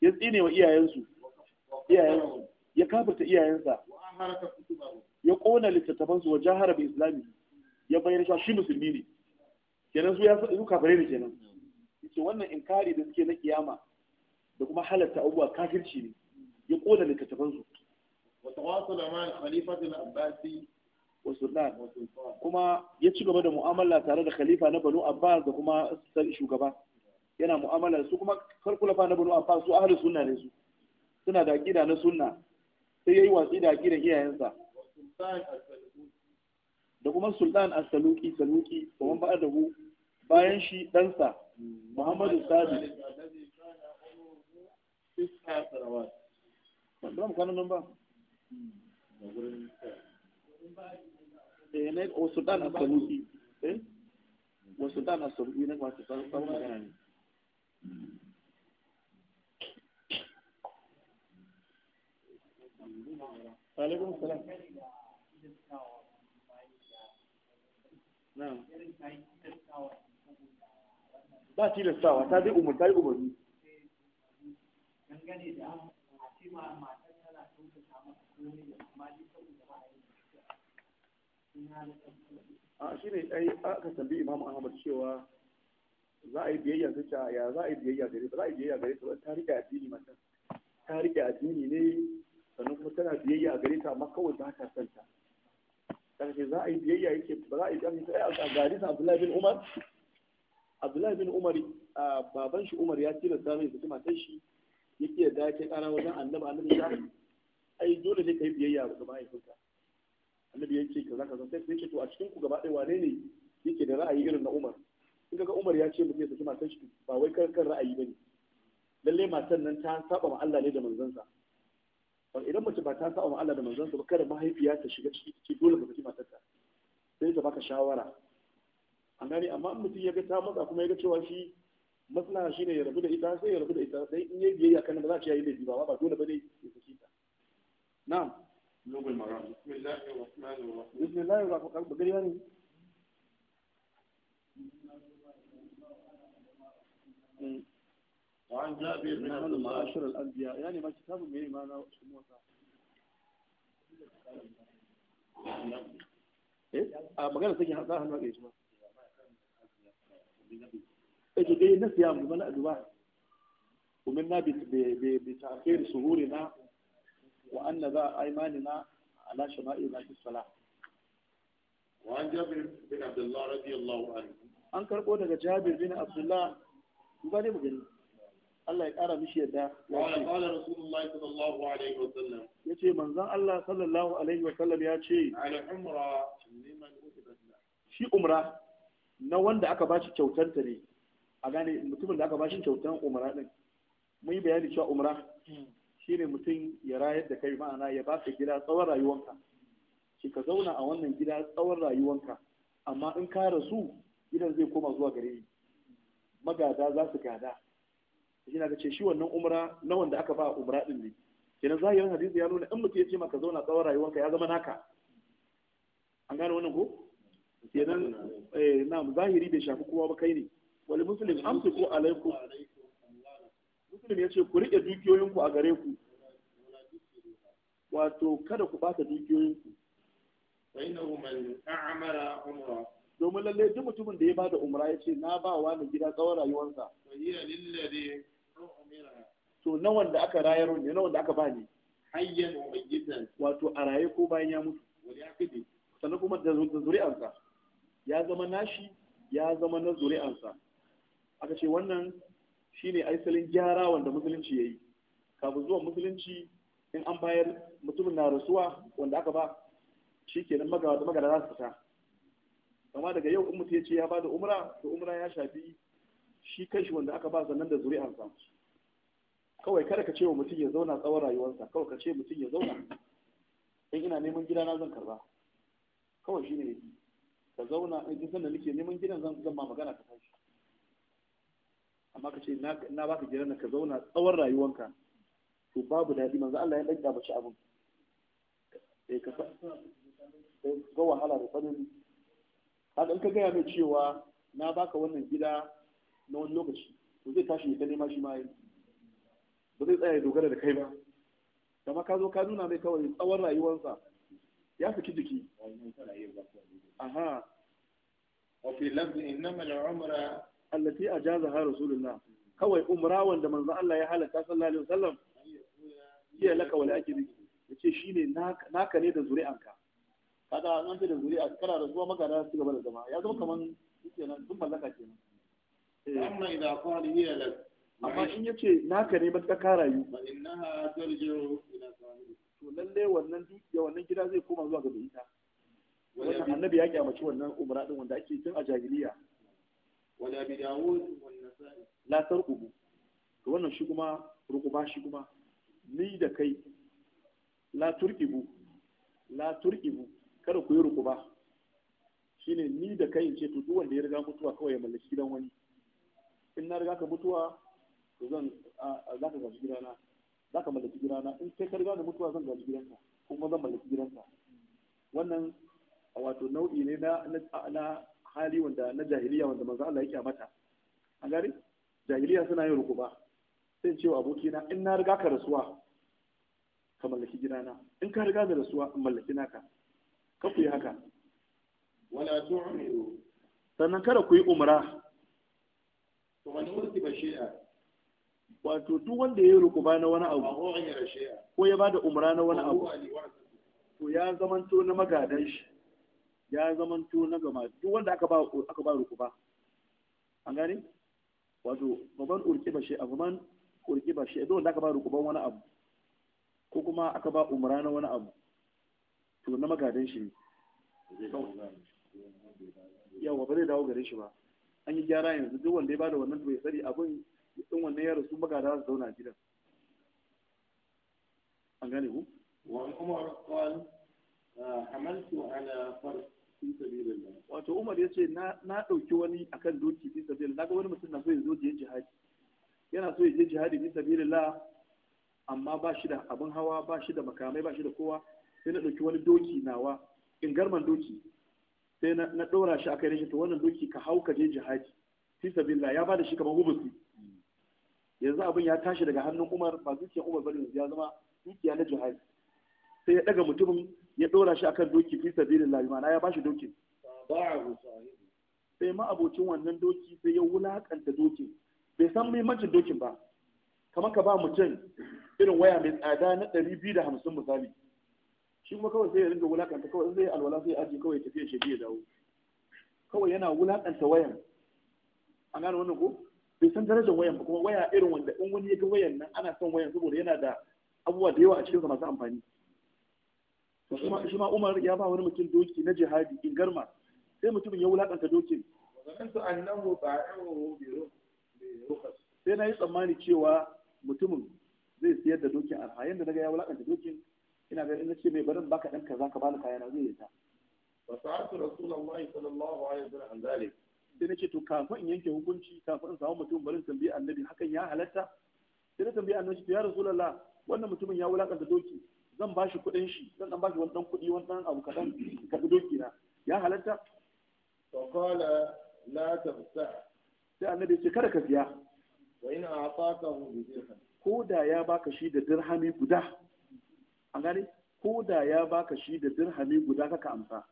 ya tsine wa iyayensu iyayensu ya kafirta iyayensa ya kona littattafansu wa jahara bi islami ya bayyana cewa shi musulmi ne kenan su ya su kafare ne kenan yace wannan inkari da suke na kiyama da kuma halatta abubuwa kafirci ne ya kona littattafansu wa tawasala ma al-khalifati al-abbasi wa sultan kuma ya ci gaba da mu'amala tare da khalifa na Banu Abbas da kuma shugaba yana mu'amala su kuma karkulafa na Banu Abbas su ahlus sunna ne su suna da aqida na sunna sai ya yi watsi da da iyayensa da kuma sultan asaluki saluki saluki kaman ba da bayan shi ɗansa muhammadu sadi ba mu kwanan nan ba eh sultan as-saluki eh wa sultan as-saluki ne ba alaikum salam na'am ba ta umar ta yi shi ne aka tambi imam ahmad cewa za a yi biyayya ta ya za a yi biyayya gare ba za a yi biyayya gare ta riƙe addini ne sannan kuma tana biyayya a gare ta amma kawai za ta san ta karshe za a yi biyayya yake ba za a yi kamshi sai a gari sa Abdullahi bin Umar Abdullahi bin Umar baban shi Umar ya tira sa mai fiti matan shi yake da dace kara wajen annabi annabi ya ai dole ne kai biyayya ga ma'aikata. annabi yake ka zaka zan sai yake to a cikin ku gaba ɗaya wane ne yake da ra'ayi irin na Umar in ga Umar ya ce mutum ya saki matan shi ba wai kan ra'ayi ra'ayi bane lalle matan nan ta saba ma Allah ne da manzon sa idan mace ba ta sa wa Allah da manzon sa ba kada mahaifiya ta shiga ciki ciki dole ba ta saki matarta sai ta baka shawara an gane amma in mutum ya ga ta matsa kuma ya ga cewa shi maslaha shine ya rabu da ita sai ya rabu da ita sai in yayi biyayya kan ba za ta yi da ba ba dole dai ya saki ta na'am lugul maram bismillahir rahmanir rahim bismillahir rahmanir rahim Mm. وعن جابر بن عبد الله أشهر الأنبياء يعني ما كتابه مين إيه؟ ما أنا شموه إيه؟ آه، ما قال تجي هذا هنوع إيش ما؟ إيش دي الناس يا أبو بلال دواه ومننا ب ب بتأخير سهورنا وأن ذا أيماننا على شمائل الصلاة. وعن جابر بن عبد الله رضي الله عنه أنكر قولنا جابر بن عبد الله يبالي مجنون Allah ya ƙara mishi yadda ya ce qala rasulullahi sallallahu alaihi wa sallam manzon Allah sallallahu alaihi wa sallam ya ce ala umra shi umra na wanda aka ba shi kyautar ta ne a gane mutumin da aka ba shi kyautar umra din mun yi bayani cewa umra hmm. Shi ne mutum ya rayar da kai ma'ana ya ba ka gida tsawon rayuwanka shi ka zauna a wannan gida tsawon rayuwanka amma in ka rasu gidan zai koma zuwa gare ni magada za su gada shi na ce shi wannan umra na wanda aka ba umra din ne kenan zahirin hadisi ya nuna in mutum ya ce maka zauna tsawon rayuwarka ya zama naka an gane wannan ko kenan eh na zahiri bai shafi kowa ba kai ne wal muslim amsiku alaiku? muslim ya ce ku rike dukiyoyinku a gare ku wato kada ku bata dukiyoyinku domin lalle duk mutumin da ya bada umra ya ce na ba wa na gida tsawon rayuwansa to na wanda aka rayar ne na wanda aka bani hayyan wa wato a raye ko bayan ya mutu sannan kuma da zuri'ansa ya zama nashi ya zama na zuri'ansa aka ce wannan shine aisalin gyara wanda musulunci ya yi kafin zuwan musulunci in an bayar mutumin na rasuwa wanda aka ba shi nan magana za su fita amma daga yau in mutum ya ce ya bada umra to umra ya shafi shi kai shi wanda aka ba sannan da zuri'arsa kawai kada ka ce wa mutum ya zauna tsawon rayuwarsa kawai ka ce mutum ya zauna in ina neman gida na zan karba kawai shi ne ka zauna in ji sanda nake neman gidan zan zan ma magana ka tashi amma ka ce na ba baka gidan ka zauna tsawon rayuwarka. to babu daɗi manzo Allah ya ɗanɗa bace abin eh ka fa ga wahala da tsanani kaga in ka gaya mai cewa na baka wannan gida na wani lokaci to zai tashi ne ta nema shi ma yi ba zai tsaya ya dogara da kai ba kama ka zo ka nuna mai kawai tsawon rayuwarsa ya saki jiki aha wafi lafzi innama al'umra allati ajazaha rasulullah kawai umra wanda manzon Allah ya halatta sallallahu alaihi wasallam iya laka wala ce yace shine naka ne da zuri'anka kada an ce da zuri'a kana da zuwa magana su gaba da zama ya zama kaman yake nan dun mallaka kenan amma idan qala hiya lak amma in yace naka ne ka rayu fa innaha ila to lalle wannan dukiya wannan gida zai koma zuwa ga mai ita wannan annabi ya kyamaci wannan umra din wanda ake tun a jahiliya wala bi dawud wan nasa'i la tarqubu to wannan shi kuma rukuba shi kuma ni da kai la turqibu la turqibu kada ku yi rukuba shine ni da kai in ce to duk wanda ya riga mutuwa kawai ya mallaki gidan wani in na riga ka mutuwa to zan za ka gaji gidana za ka mallaki gidana in kai ka riga ka mutuwa zan gaji gidanka kuma zan mallaki gidanka wannan wato nau'i ne na na hali wanda na jahiliya wanda manzo Allah yake mata an gari jahiliya suna yin rukuba sai cewa abokina in na riga ka rasuwa ka mallaki gidana in ka riga da rasuwa in mallaki naka ka ku yi haka wala tu'miru sannan kada ku yi umra wato duk wanda ya yi rukuba na wani abu ko ya bada umra na wani abu to ya zamanto na magadan shi ya zamanto na gama duk wanda aka ba aka ba rukuba an gane wato baban urki ba shi abu man urki ba shi duk wanda aka ba rukuban wani abu ko kuma aka ba umra na wani abu to na magadan shi ne yawa ba zai dawo gare shi ba an yi gyara yanzu duk wanda ya bada wannan bai sani abin din wannan ya rasu magada su zauna a gidan an gane ku wani umar kwal ah, hamaltu ala farz wato umar ya ce na ɗauki wani akan doki fi Na ga wani mutum na so ya zo je jihadi yana so ya je jihadi fi sabilillah amma ba shi da abin hawa ba shi da makamai ba shi da kowa sai na ɗauki wani doki nawa in garman doki sai na ɗora shi akai rashin to wannan doki ka hau ka je jihadi fi sabilla ya bada shi kamar hubusi yanzu abin ya tashi daga hannun Umar ba dukiyar Umar bane ya zama dukiya na jihadi sai ya daga mutumin ya ɗora shi akan doki fi sabilla ma'ana ya bashi doki sai ma abocin wannan doki sai ya wulakanta dokin bai san muhimmancin dokin ba kamar ka ba mutum irin waya mai tsada na ɗari biyu da hamsin misali shi kuma kawai sai ya rinka wulakanta kawai zai alwala sai aji kawai tafi ya shafi ya dawo kawai yana wulakanta wayan A gane wannan ko bai san darajar wayan ba kuma waya irin wanda in wani ya ga wayan nan ana son wayan saboda yana da abubuwa da yawa a cikinsa masu amfani shi ma Umar ya ba wani mutum doki na jihadi in garma sai mutumin ya wulakanta dokin sai na yi tsammani cewa mutumin zai siyar da dokin arha yadda daga ya wulakanta dokin ina ga ina ce mai barin baka dan kaza ka bani kayana zai yi ta fa sa'atu rasulullahi sallallahu alaihi wa sallam zalik sai nace to kafin in yanke hukunci kafin in samu mutum barin tambayi annabi hakan ya halatta sai na tambayi annabi to ya rasulullah wannan mutumin ya wulakanta doki zan ba shi kuɗin shi zan dan ba shi wani dan kuɗi wani dan abu kaɗan ka bi doki na ya halatta fa qala la tabsa sai annabi ce kada ka siya wa in a'taka bi dirham ko da ya baka shi da dirhami guda an gane ko da ya baka shi da dirhami guda kaka amsa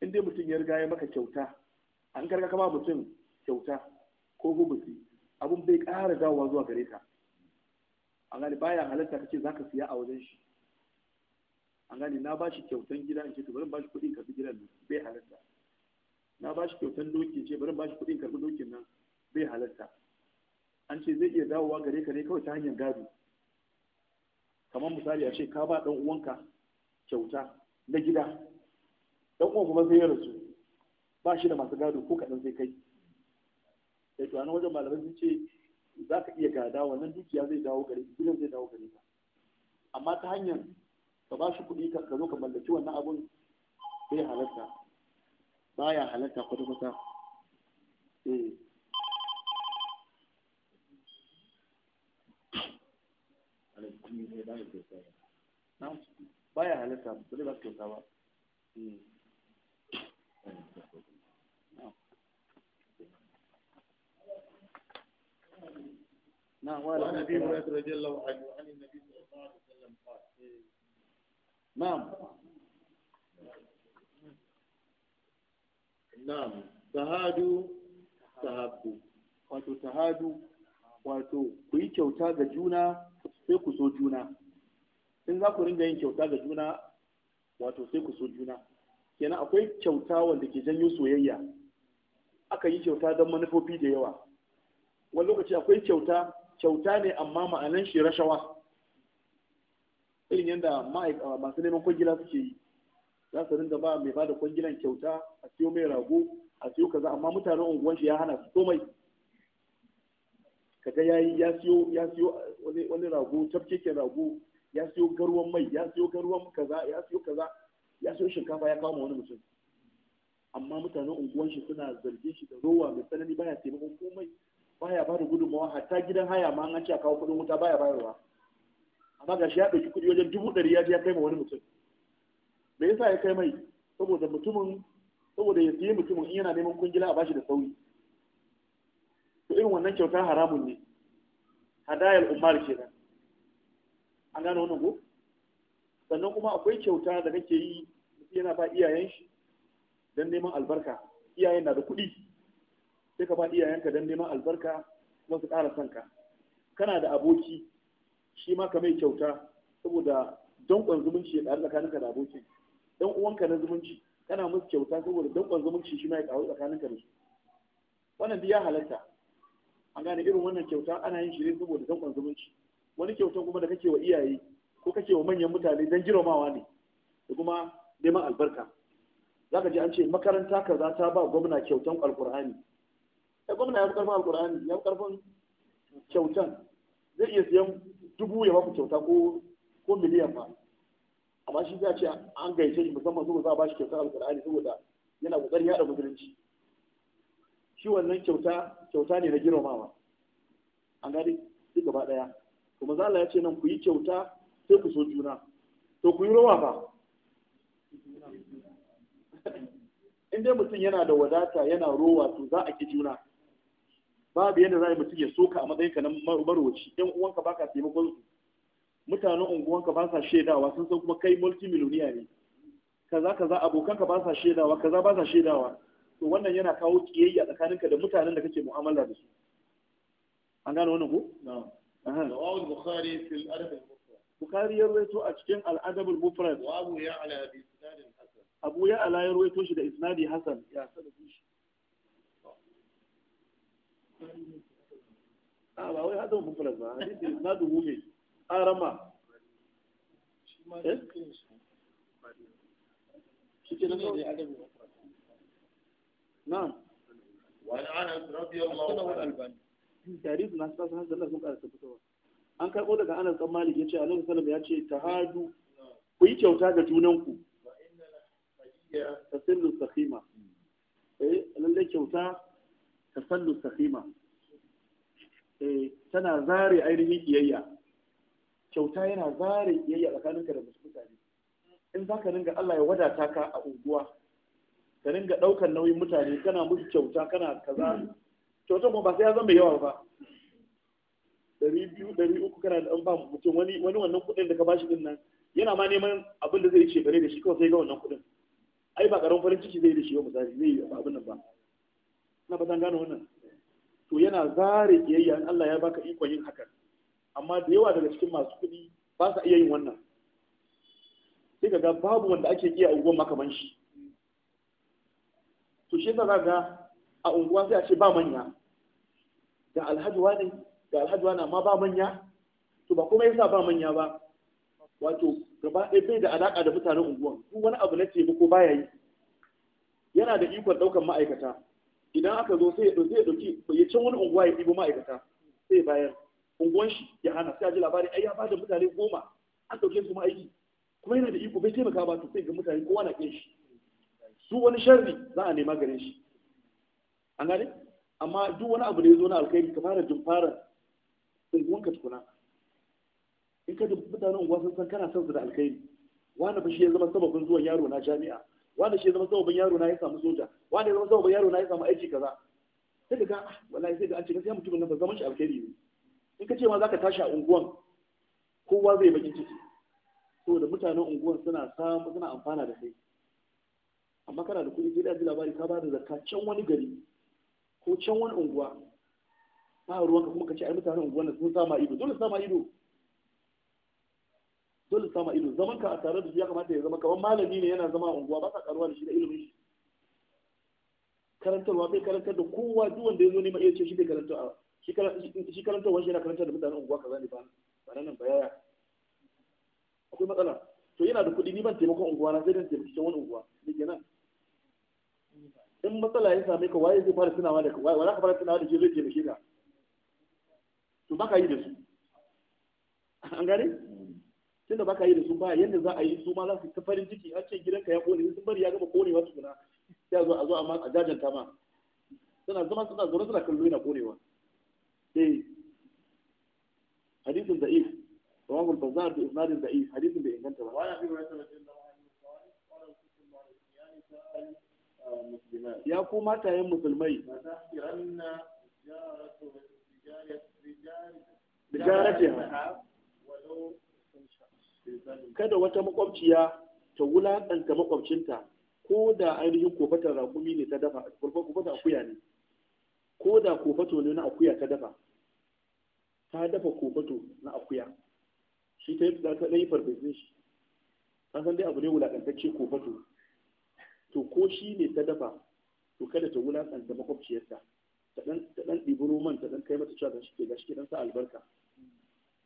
in dai mutum ya riga ya maka kyauta an karka kama mutum kyauta ko gubusi abun bai ƙara dawowa zuwa gare ka an gane baya halatta kace zaka siya a wajen shi an gani na bashi kyautan gida in ce to bari bashi kuɗin karɓi gidan nan bai halatta na bashi kyautan doki ce bari bashi kuɗin karɓi dokin nan bai halatta an ce zai iya dawowa gare ka ne kawai ta hanyar gado kamar misali a ce ka ba ɗan uwanka kyauta na gida dan uwan kuma sai ya rasu ba shi da masu gado ko kaɗan sai kai sai eh, to anan wajen malamai sun ce za ka iya gada wannan dukiya zai dawo gare ka gidan zai dawo gare ka amma ta hanyar ka ba shi kuɗi ka zo ka mallaki wannan abun bai halatta baya halatta kwata-kwata eh mutum ya ba da kyauta ba na baya halitta ba zai ba su kyauta ba نعم وعن ابي رضي الله عنه عن النبي صلى الله عليه وسلم قال نعم نعم tahadu tahabbu wato tahadu wato ku yi kyauta juna sai ku so juna in za ku ringa yin kyauta ga juna wato sai ku so juna kenan akwai kyauta wanda ke janyo soyayya aka yi kyauta don manufofi da yawa wani lokaci akwai kyauta kyauta ne amma ma'anan shi rashawa irin yadda masu neman kwangila suke yi za su ringa ba mai ba da kwangilan kyauta a siyo mai rago a siyo kaza amma mutanen unguwan ya hana su komai kaga yayi ya siyo ya siyo wani wani rago tafkeke rago ya siyo garwan mai ya siyo garwan kaza ya siyo kaza ya siyo shinkafa ya kawo wani mutum amma mutanen unguwan shi suna zarge shi da rowa mai tsanani baya taimakon komai baya ba da gudunmawa hatta gidan haya ma an ce a kawo kuɗin wuta baya bayarwa amma gashi ya ɗauki kuɗi wajen dubu ɗari ya je ya kai ma wani mutum me yasa ya kai mai saboda mutumin saboda ya siye mutumin in yana neman kungila a bashi da sauyi irin wannan kyauta haramun ne hadayar umar nan an gano wani ko sannan kuma akwai kyauta da kake yi yana ba iyayen shi don neman albarka iyayen na da kuɗi sai ka ba iyayenka don neman albarka kuma su ƙara son ka kana da aboki shi ma ka mai kyauta saboda danƙon zumunci ya ƙaru tsakaninka da aboki dan uwanka na zumunci kana musu kyauta saboda danƙon zumunci shi ma ya ƙaru tsakaninka da su wannan duk ya halatta an gane irin wannan kyauta ana yin shi ne saboda dankon zumunci wani kyauta kuma da kake wa iyaye ko kake wa manyan mutane don girmamawa ne da kuma neman albarka za ka ji an ce makaranta ka za ta ba gwamna kyautan alkur'ani Ya gwamna ya fi karfin alkur'ani ya fi karfin kyautan zai iya siyan dubu ya baku kyauta ko ko miliyan ba amma shi za a ce an gaice shi musamman saboda za a ba shi kyautan alkur'ani saboda yana kokarin yada musulunci shi wannan kyauta kyauta ne na girmamawa an gane shi gaba daya to maza Allah ya ce nan ku yi kyauta sai ku so juna to ku yi rawa ba in dai mutum yana da wadata yana rowa to za a ki juna babu yadda za a yi mutum ya soka a matsayinka na marwaci ɗan uwanka baka taimakon su mutanen unguwanka ba sa shaidawa sun san kuma kai multi ne kaza kaza abokanka ba sa shaidawa kaza ba sa shaidawa to wannan yana kawo kiyayya tsakaninka da mutanen da kake mu'amala da su an gane wannan ko na'am rawahu bukhari fil adab al bukhari ya rawaito a cikin al adab al mufrad wa abu ya'la bi isnad hasan abu ya'la ya rawaito shi da isnadi hasan ya sanadi shi a ah, ba wai hadin mufrad ba hadisi isnadu hu ne arama ah, shi ma shi eh? ke nan da adab An wa anas radiyallahu anhu da Allah sun karanta fitowa an karbo daga anas malik ya ce hadu ku yi kyauta ga junanku tasallu sakhima eh lalle kyauta tasallu sakhima eh tana zare ainihin kiyayya kyauta yana zare kiyayya tsakaninka da mutane in za ka ringa Allah ya wadata ka a unguwa ka ringa ɗaukar nauyin mutane kana musu kyauta kana kaza kyauta kuma ba sai ya zama mai yawa ba Dari biyu dari uku kana da ba mutum wani wani wannan kuɗin da ka bashi din nan yana ma neman abin da zai ce bare da shi kawai sai ga wannan kuɗin ai ba karamin farin ciki zai da shi ba misali zai yi abin nan ba na ba gane wannan to yana zare kiyayya in Allah ya baka ikon yin hakan amma da yawa daga cikin masu kuɗi ba sa iya yin wannan sai ka ga babu wanda ake iya a makaman shi shi yasa za ga a unguwa sai a ce ba manya ga alhaji wani ga alhaji na amma ba manya to ba kuma yasa ba manya ba wato gaba ɗaya bai da alaƙa da mutanen unguwan duk wani abu na ko baya yi yana da ikon ɗaukar ma'aikata idan aka zo sai ya ɗauki ya ɗauki ya can wani unguwa ya ɗibo ma'aikata sai ya bayar unguwan shi ya hana sai a ji labarin ai ya ba da mutane goma an ɗauke su ma'aiki kuma yana da iko bai taimaka ba to sai ga mutane kowa na ƙin shi su wani sharri za a nema gare shi an gane amma duk wani abu da ya zo na alkhairi ka fara jin fara unguwanka tukuna in ka dubi mutanen unguwa sun san kana son su da alkhairi wani fa shi ya zama sababin zuwan yaro na jami'a wani shi ya zama sababin yaro na ya samu soja wani ya zama sababin yaro na ya samu aiki kaza sai ka ga ah, wallahi sai ka an ce sai mutumin nan ba zaman shi alkhairi ne in ka ce ma zaka tashi a unguwan kowa zai baki ciki saboda mutanen unguwan suna samu suna amfana da kai amma kana da kuɗi sai da labari ka ba da zakka can wani gari ko can wani unguwa ba ruwanka kuma ka ce ai mutanen unguwan nan sun sama ido dole sama ido dole sama ido zaman ka a tare da shi ya kamata ya zama kamar malami ne yana zama a unguwa ba ka karuwa da shi da ilimin shi karantarwa bai karantar da kowa duk wanda ya zo ma iya ce shi bai a shi karantarwa shi yana karantar da mutanen unguwa kaza ne ba ba nan ba yaya akwai matsala to yana da kuɗi ni ban taimakon unguwa na sai dan taimaki wani unguwa ne kenan in matsala ya same ka waye zai fara tunawa da kai wala ka fara tunawa da shi zai taimake ka to baka yi da su an gane Tun tunda baka yi da su ba yadda za a yi su ma za su ta farin ciki an ce gidanka ya kone sun bari ya gama konewa tukuna sai a zo a zo a a jajanta ma suna zama suna zaune suna kallo yana konewa eh hadisin da'if رواه البزار بإسناد ضعيف حديث بإنجاز وعن أبي هريرة رضي الله عنه قال قال رسول الله صلى الله عليه وسلم ya ku matayen musulmai kada wata makwabciya ta wulaƙanta makwabcinta ko da ainihin kofatar rakumi ne ta dafa kofatar akuya ne ko da kofato ne na akuya ta dafa ta dafa kofato na akuya shi ta yi farfesin shi ta san dai abu ne wulaƙantacce kofato to ko shi ne ta dafa to kada ta wulaƙanta makwabciyarta ta ɗan ɗibi roman ta ɗan kai mata cewa gashi ke gashi ke ɗan sa albarka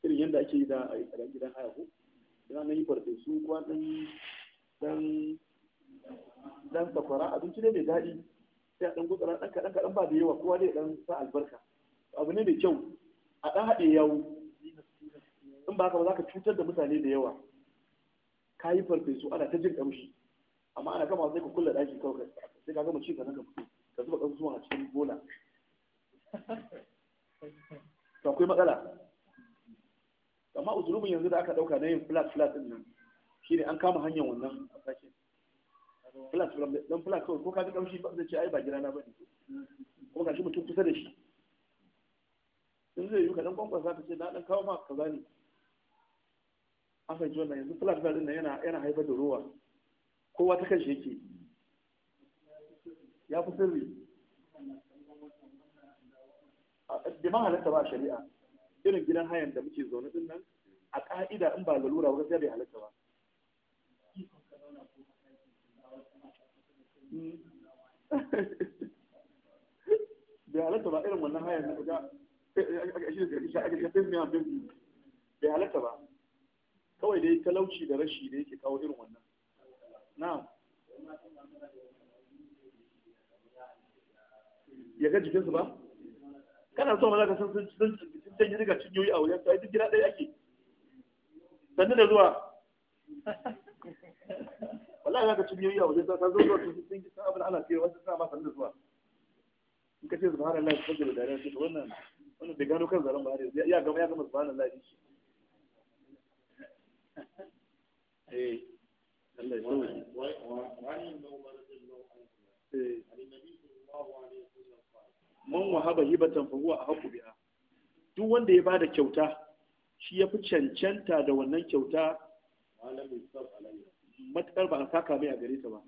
irin yadda ake yi da a ɗan gidan haya ko idan nan yi farfesu ko ɗan ɗan ɗan sakwara abinci ne mai daɗi sai a ɗan gutsara ɗan kaɗan kaɗan ba da yawa kowa dai ɗan sa albarka abu ne mai kyau a ɗan haɗe yawo in ba haka ba za ka cutar da mutane da yawa ka yi farfesu ana ta jin ƙamshi amma ana gama sai ka kulle daki kawai sai ka gama ci ka ka fito ka zuba zuwa a cikin bola to akwai matsala amma uzurubin yanzu da aka dauka na yin flat flat din nan shine an kama hanyar wannan sashen flat flat dan flat kawai ko ka ga kamshi ba zai ce ai ba na bane ka shi mutum kusa da shi in zai yi ka dan kwankwasa ka ce na dan kawo ma kaza ne an fahimci wannan yanzu flat flat din nan yana haifar da ruwa. kowa ta kan shi yake ya fi sirri da man halatta ba shari'a irin gidan hayan da muke zaune din nan a ka'ida in ba lalura ba gaskiya bai halatta ba hmm. [laughs] bai halatta ba irin wannan hayan na kuka bai halatta ba kawai dai talauci da rashi da yake kawo irin wannan na'am ya ga jikinsu ba kana son maza ka san sun sun yi daga yoyi a wajen sai duk gida ɗaya ake sannu da zuwa wala wallahi zaka yoyi a wajen sai ka zo zuwa sun sun san abin ana cewa wasu sa ma sannu da zuwa in ka ce su subhanallahi sabbi da dare ce wannan wannan bai gano kan zaren ba ya gama ya gama subhanallahi eh Allah ya sauke eh. man wahaba hibatan fa a haku biya. duk wanda ya bada kyauta shi ya fi cancanta da wannan kyauta matuƙar ba a saka mai a gare ta ba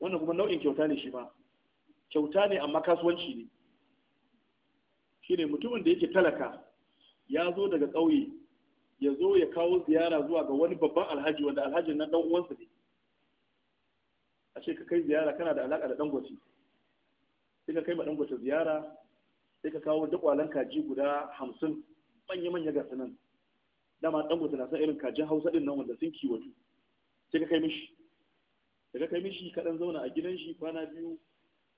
wannan kuma nau'in kyauta ne shi ma kyauta ne amma kasuwanci ne shine mutumin da yake talaka ya zo daga ƙauye ya zo ya kawo ziyara zuwa ga wani babban alhaji wanda alhajin nan dan uwansa ne a ce ka kai ziyara kana da alaka da dangote sai ka kai ma dangote ziyara sai ka kawo duk walan kaji guda hamsin manya-manya ga sanan dama dangote na san irin kajin hausa din nan wanda sun kiwatu sai ka kai mishi daga kai mishi kaɗan zauna a gidan shi kwana biyu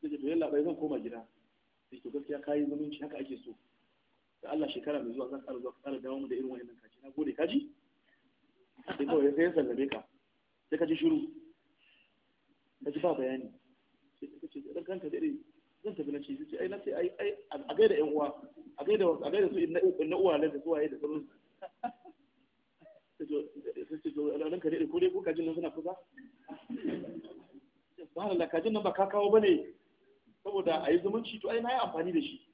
Sai ka to yalla bai zan koma gida sai to gaskiya kai zumunci haka ake so da Allah shekara mai zuwa zan ƙara zuwa ƙara dawo mu da irin wa'annan kaji na gode kaji sai kawai sai ya sallame ka sai ka ji shiru ka ji ba bayani sai ka ce dan kanka da irin zan tafi na ce sai ai na ce ai ai a gaida ƴan uwa a gaida a gaida su inna uwa da zuwa waye da sauran sai ce to nan ka dai ko dai ko kajin nan suna kusa subhanallah kajin nan ba ka kawo bane saboda a yi zumunci to ai na yi amfani da shi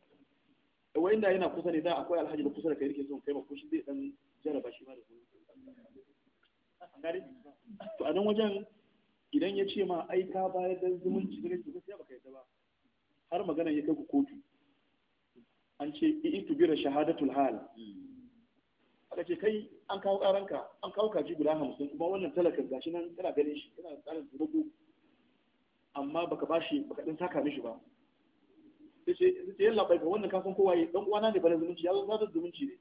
wa inda yana kusa ne da akwai alhaji da kusa da kai rike son kai ba ko shi zai dan jaraba shi ma da kuma to a nan wajen idan ya ce ma ai ka bayar da zumunci da sai ba kai yadda ba har magana ya kai ku kotu an ce itu bira shahadatul hal aka ce kai an kawo karanka an kawo kaji guda hamsin kuma wannan talakar gashi nan kana ganin shi kana tsarin zurugu amma baka bashi baka din saka mishi ba sai ce ce yalla bai ga wannan kasan kowa ya dan uwana ne bare zumunci ya zo zumunci ne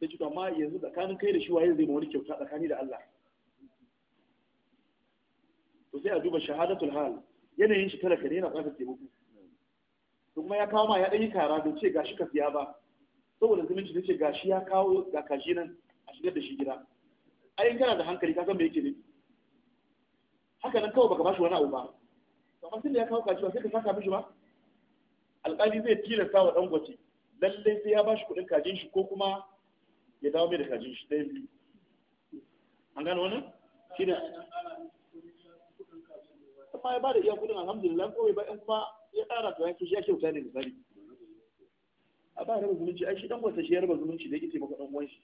sai ce to amma yanzu tsakanin kai da shi waye zai ma wani kyauta tsakani da Allah to sai a duba shahadatul hal yanayin shi talaka ne yana bukatar taimako to kuma ya kawo ma ya dan yi kara bai ce gashi ka siya ba saboda zumunci ta ce gashi ya kawo ga kashi nan a shigar da shi gida ai in kana da hankali ka san me yake nufi haka nan kawai baka bashi wani abu ba amma tun ya kawo kashi ba sai ka saka mishi ba alƙali zai tilasta wa ɗan dangote lallai sai ya ba shi kuɗin kajin shi ko kuma ya dawo mai da kajin shi ɗaya biyu an gano wannan shi ne kuma ya ba da iya kuɗin alhamdulillah ko ba in kuma ya ƙara ta ya shi ya kyauta ne misali a ba raba zumunci ai shi ɗan dangote shi ya raba zumunci da ya ce maka ɗan gwan shi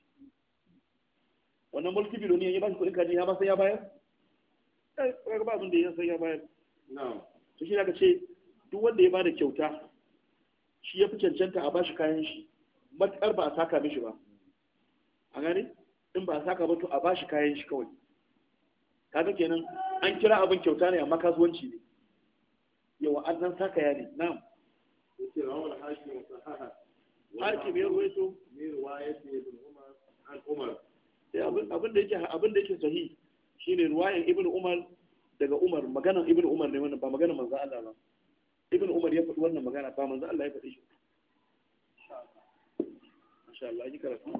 wannan mulki ne ya ba shi kuɗin kajin ya ba sai ya bayar eh, ba abin da ya san ya bayar to shi ka ce duk wanda ya ba da kyauta shi ya fi cancanta a bashi kayan shi matuƙar ba a saka mishi ba a gani in ba a saka ba to a bashi kayan shi kawai kaga kenan an kira abin kyauta ne amma kasuwanci ne yawa an nan saka ya ne na'am hakim ya ruwaito eh, abin da yake abin da yake sahi shine ruwayan ibnu umar daga umar maganan ibnu umar ne wannan ba maganan manzo Allah ba ibn umar ya faɗi wannan magana ba manzo Allah ya faɗi shi insha Allah ji karatu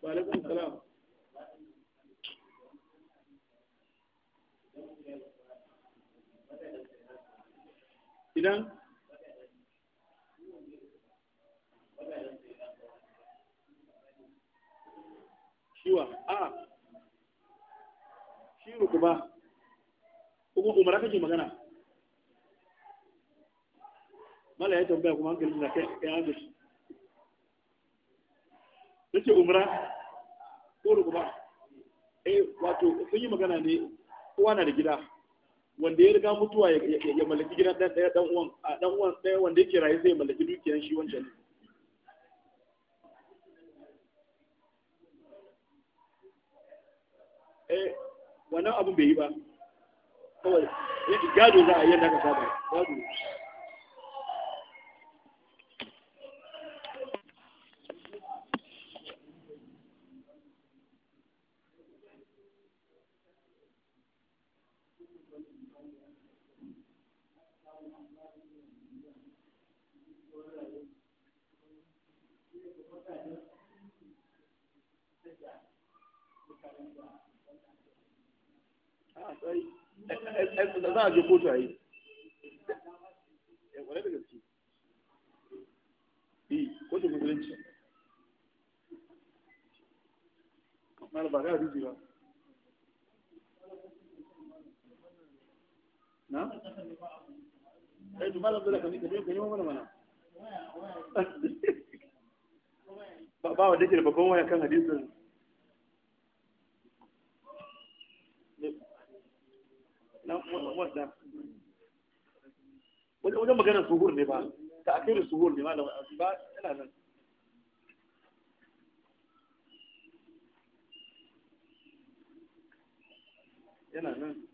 wa alaikum salam idan shiwa a shi rukuba kuma ka kake magana mala ya tambaya kuma hankali na kai kai an gashi nace umra ko rukuba eh wato sun yi magana ne kowa na da gida wanda ya riga mutuwa ya mallaki gidan ɗan daya dan uwan dan uwan daya wanda yake raye zai mallaki dukiyar shi wancan ne eh wannan abun bai yi ba kawai gado za a yi yadda ka saba gado za a je kotu a yi ƙwarai da gaske yi musulunci na? tu malam mana ba wa dake da babban waya kan لا وجه مكان الصهور نبال تأخير الصهور نبال نبال لا لا لا لا